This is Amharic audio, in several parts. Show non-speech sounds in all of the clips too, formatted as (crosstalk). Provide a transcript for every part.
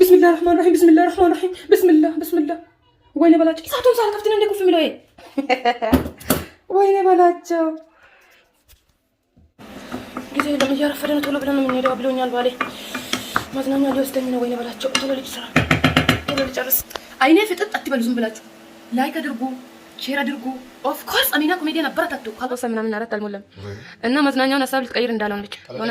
ብስሚላ ረህማን ረሂም ብስሚላ ረህማን ወይኔ በላቸው እሳቱን ሳልከፍት ነው እንደ ኩፍ የሚለው ወይኔ በላቸው። ጊዜ የለም እያረፈደ ነው። ቶሎ ብለን ነው የምንሄደው ብሎኛል ባሌ። ማዝናኛ ሊወስደኝ ነው። ወይኔ በላቸው። ቶሎ ልጅ ቶሎ ልጨርስ። አይኔ ፍጥጥ አትበሉ። ዝም ብላችሁ ላይክ አድርጉ፣ ሼር አድርጉ። ኦፍኮርስ አሚና ኮሜዲያን አበረታቱ። ሰምና ምን አራት አልሞላም እና መዝናኛውን ሀሳብ ልትቀይር እንዳለውን ብቻ ሆነ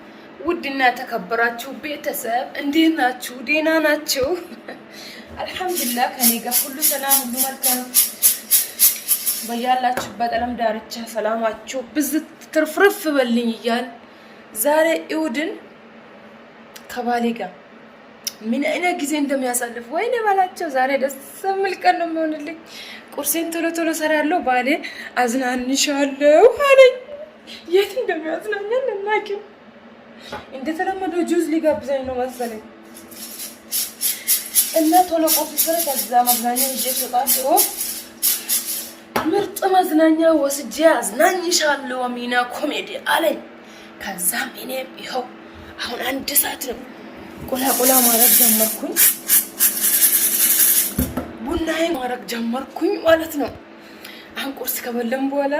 ውድና ተከበራችሁ ቤተሰብ እንዴት ናችሁ? ዴና ናችሁ? አልሐምዱሊላህ ከኔ ጋር ሁሉ ሰላም፣ ሁሉ መልካም። በያላችሁበት ዓለም ዳርቻ ሰላማችሁ ብዙ ትርፍርፍ በልኝ እያል ዛሬ ኢውድን ከባሌ ጋር ምን አይነት ጊዜ እንደሚያሳልፍ ወይኔ ባላቸው ዛሬ ደስ የሚል ቀን ነው የሚሆንልኝ። ቁርሴን ቶሎ ቶሎ ሰራለሁ፣ ባሌ አዝናንሻለሁ አለኝ። የት እንደሚያዝናኛል እናኪም እንደተለመደው ጁዝ ሊጋብዘኝ ነው መሰለኝ እና ቶሎ ቆፍሰረ ከዛ መዝናኛ ሄጄ ተጣጥሮ ምርጥ መዝናኛ ወስጄ አዝናኝሻለሁ ሚና ኮሜዲ አለኝ። ከዛም እኔም ይኸው አሁን አንድ ሰዓት ነው ቁላቁላ ማድረግ ጀመርኩኝ፣ ቡናዬ ማድረግ ጀመርኩኝ ማለት ነው። አሁን ቁርስ ከበለም በኋላ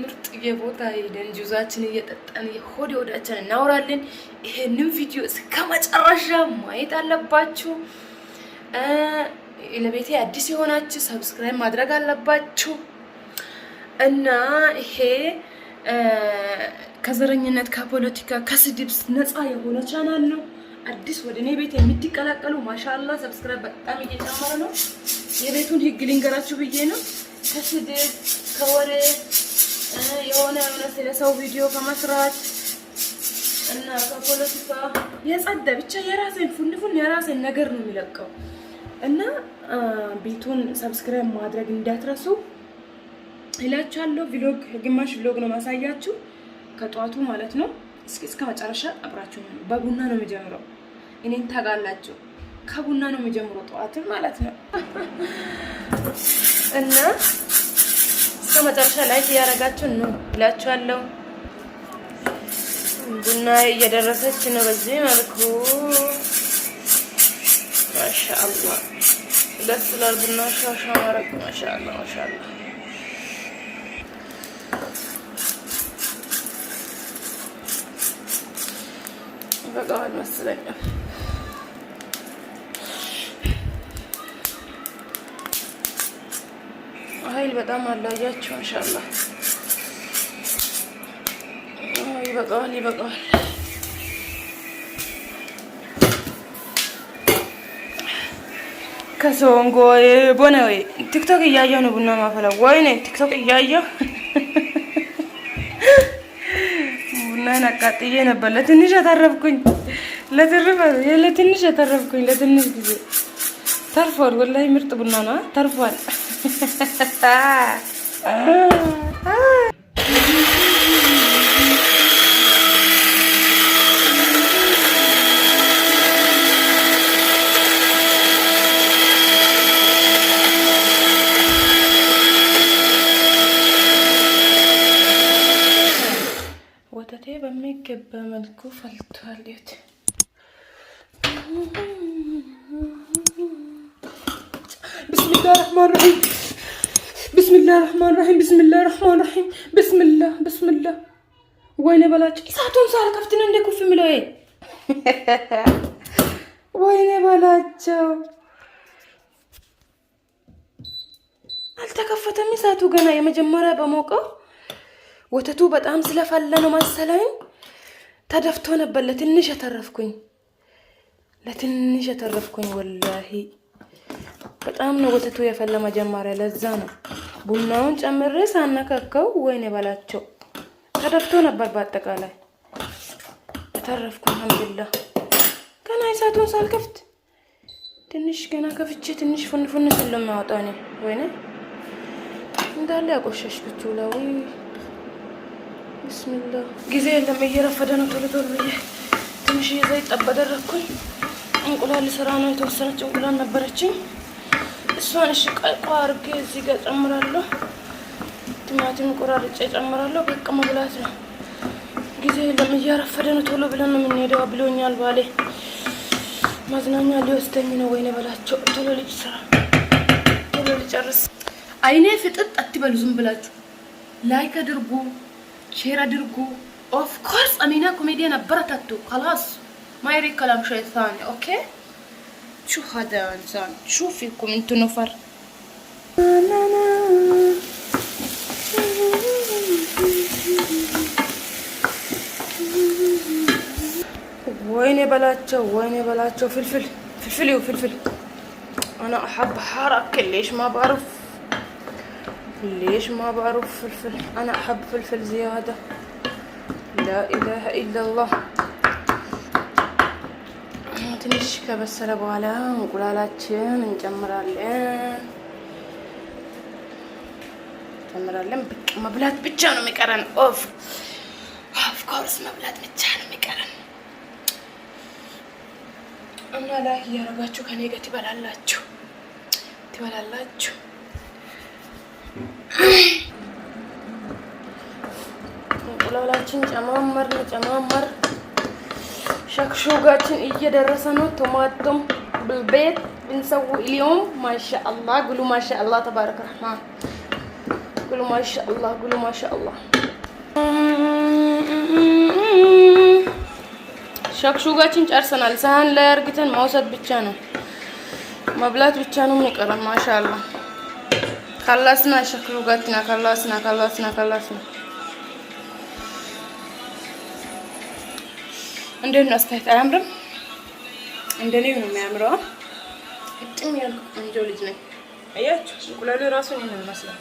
ምርጥ የቦታ ሄደን ጁዛችን እየጠጣን የሆድ የሆዳችን እናወራለን። ይሄንን ቪዲዮ እስከ መጨረሻ ማየት አለባችሁ። ለቤቴ አዲስ የሆናችሁ ሰብስክራይብ ማድረግ አለባችሁ እና ይሄ ከዘረኝነት ከፖለቲካ ከስድብስ ነፃ የሆነ ቻናል ነው። አዲስ ወደ እኔ ቤት የምትቀላቀሉ ማሻላ ሰብስክራይብ በጣም እየጨመረ ነው። የቤቱን ህግ ልንገራችሁ ብዬ ነው። ከስድብ ከወሬ የሆነ የሆነ ስለሰው ቪዲዮ ከመስራት እና ከፖለቲካ የጸዳ ብቻ የራሴን ፉንፉን የራሴን ነገር ነው የሚለቀው እና ቤቱን ሰብስክራይብ ማድረግ እንዳትረሱ እላችኋለሁ። ቪሎግ ግማሽ ቪሎግ ነው ማሳያችሁ ከጠዋቱ ማለት ነው። እስከ መጨረሻ አብራችሁ ነው። በቡና ነው የሚጀምረው። እኔን ታውቃላችሁ። ከቡና ነው የሚጀምረው ጠዋትን ማለት ነው (laughs) እና እስከ መጨረሻ ላይክ እያደረጋችሁ ነው ብላችኋለሁ። ቡና እየደረሰች ነው። በዚህ መልኩ ማሻአላ ደስ ይላል። ቡና ሻሻ ማረቅ ማሻአላ ማሻአላ በቃ መሰለኝ ኃይል በጣም አላያችሁ። ማሻአላህ ይበቃዋል፣ ይበቃዋል። ከሶንጎ ቦነ ወይ ቲክቶክ እያየሁ ነው ቡና ማፈላ። ወይኔ ቲክቶክ እያየሁ (laughs) ቡናን አቃጥዬ ነበር። ለትንሽ የተረፍኩኝ ለትንሽ የተረፍኩኝ ለትንሽ ጊዜ ተርፏል። ወላሂ ምርጥ ቡና ነው። ተርፏል። ወተቴ በሚገባ መልኩ ፈልቷል። ብስሚላ ረህማን ረሂም ብስሚላ ረህማን ረሂም ብስምላ ረህማን ረሂም ብስሚላ ብስሚላ። ወይኔ በላቸው እሳቱን ሳልከፍት ነው እንደ ኩፍ የሚለው (laughs) ወይኔ በላቸው። አልተከፈተም እሳቱ ገና የመጀመሪያ በሞቀው ወተቱ በጣም ስለፈላ ነው መሰለኝ ተደፍቶ ነበር። ለትንሽ የተረፍኩኝ ለትንሽ የተረፍኩኝ ወላሂ በጣም ነው ወተቱ የፈላ መጀመሪያ። ለዛ ነው ቡናውን ጨምሬ ሳነካከው። ወይኔ በላቸው ተደፍቶ ነበር። በአጠቃላይ ተረፍኩ። አልሐምዱሊላህ ገና እሳቱን ሳልከፍት ትንሽ ገና ከፍቼ ትንሽ ፉንፉን ስለ የሚያወጣው እኔ ወይኔ እንዳለ ያቆሸሽኩት ላዊ ብስሚላ ጊዜ የለም። እየረፈደ ነው። ቶሎ ቶሎ ብዬ ትንሽ ዘይት ጠብ አደረግኩኝ። እንቁላል ስራ ነው የተወሰነች እንቁላል ነበረችኝ። እሷን እሺ ቀልቋ አድርጌ እዚህ ጋር ጨምራለሁ። ቲማቲም ቆራርጬ ጨምራለሁ። በቃ መብላት ነው። ጊዜ የለም፣ እያረፈደ ነው። ቶሎ ብለን ነው የምንሄደው ብሎኛል ባሌ። መዝናኛ ሊወስደኝ ነው። ወይኔ በላቸው። ቶሎ ልጅ ስራ፣ ቶሎ ልጨርስ። አይኔ ፍጥጥ አትበሉ። ዝም ብላችሁ ላይክ አድርጉ፣ ሼር አድርጉ። ኦፍ ኮርስ አሚና ኮሜዲያን አበረታቱ። ከላስ ማይሪ ከላም ሸይጣን ኦኬ شو هذا انسان شو فيكم انتو نفر ويني وين يا بلاتشا فلفل فلفلي فلفل انا احب حار ليش ما بعرف ليش ما بعرف فلفل انا احب فلفل زياده لا اله الا الله ትንሽ ከበሰለ በኋላ እንቁላላችን እንጨምራለን እንጨምራለን። በቃ መብላት ብቻ ነው የሚቀረን። ኦፍ ኦፍ ኮርስ መብላት ብቻ ነው የሚቀረን እና ላይ እያደረጋችሁ ከኔ ጋር ትበላላችሁ ትበላላችሁ። እንቁላላችን ጨማመር ጨማመር ሸክሹጋችን እየደረሰ ነው። ቶማቶም ብልቤት ብንሰው ማሻ ማሻአላ ጉሉ ማሻአላ ተባረክ ረሕማን ጉሉ ማሻአላ ጉሉ ማሻአላ ሸክሹጋችን ጨርሰናል። ሳህን ላይ አርግተን ማውሰድ ብቻ ነው መብላት ብቻ ነው የሚቀረን። ማሻአላ ካላስና ሸክሹጋችን ካላስና ካላስና ካላስና እንዴት ነው አስተያየት? አያምርም? እንደኔ ነው የሚያምረው። እጥም ያልኩ ቆንጆ ልጅ ነኝ። አያችሁ እንቁላል ራሱ ነው የሚመስለው።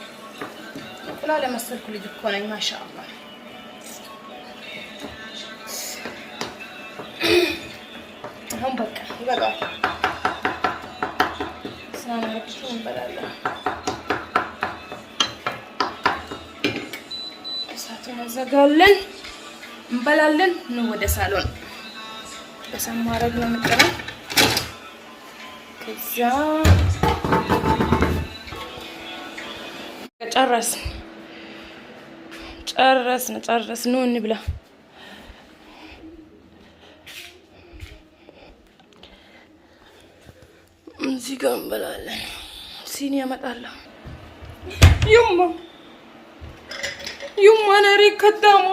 እንቁላል ለመሰልኩ ልጅ እኮ ነኝ። ማሻአላህ አሁን በቃ ይበቃል። ስናናችሁ እንበላለን። እሳቱን ያዘጋለን፣ እንበላለን። ኑ ወደ ሳሎን ከዛ ማድረግ ነው የምጥረው። ከዛ ጨረስ ነው ጨረስ ነው እንብላ። እዚህ ጋር እንበላለን። ሲኒ ያመጣለሁ። ዩማ ዩማ ነሪ ከዳሞ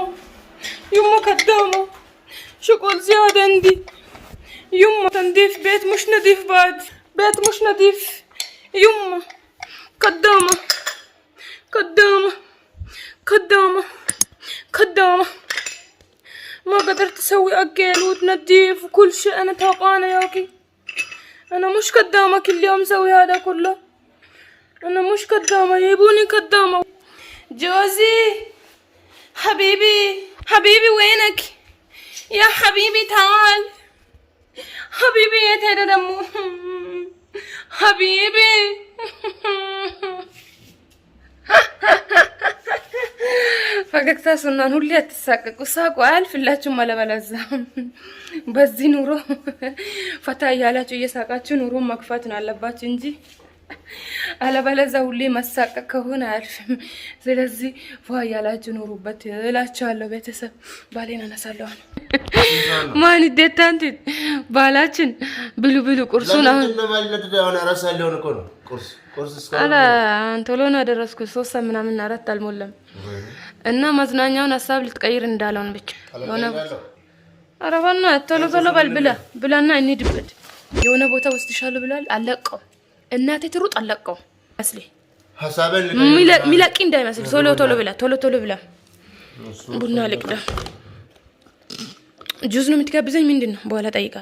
ዩማ ከዳሞ شغل زيادة عندي يما تنظيف بيت مش نظيف بعد بيت مش نظيف يما قدامة قدامة قدامة قدامة ما قدرت اسوي اكل وتنظيف وكل شيء انا تعبانة ياكي انا مش قدامة كل يوم اسوي هذا كله انا مش قدامة يبوني قدامة جوزي حبيبي حبيبي وينك ያ ሀቢቢ ታል ሀቢቢ የት ሄደ ደግሞ? ሀቢቢ ፈገግታ ሱናን ሁሌ አትሳቀቁ። ሳቁ አያልፍላችሁም። አለበለዛ በዚህ ኑሮ ፈታ እያላችሁ እየሳቃችሁ ኑሮ መግፋት ነው አለባችሁ እንጂ አለበለዚያ ሁሌ መሳቀቅ ከሆነ አያልፍም። ስለዚህ ፏ እያላችሁ ኑሩበት እላችኋለሁ። ቤተሰብ ባሌን አነሳለሁ። ማን ይደታንት ባላችን ብሉ ብሉ ቁርሱን አሁን ቶሎ ነው ያደረስኩ። ሶስት ምናምን አራት አልሞላም እና መዝናኛውን ሀሳብ ልትቀይር እንዳለውን ብቻ ሆነ። ኧረ በእናትህ ቶሎ ቶሎ በል ብላ ብላና እንሂድበት የሆነ ቦታ ወስድሻለሁ ብሏል። አለቀው እናቴ ትሩጥ አለቀው መስሌ ሚለቂ እንዳይመስል ቶሎ ቶሎ ብላ ቶሎ ቶሎ ብላ ቡና ልቅዳ ጁዝ ነው የምትጋብዘኝ ምንድን ነው በኋላ ጠይቃል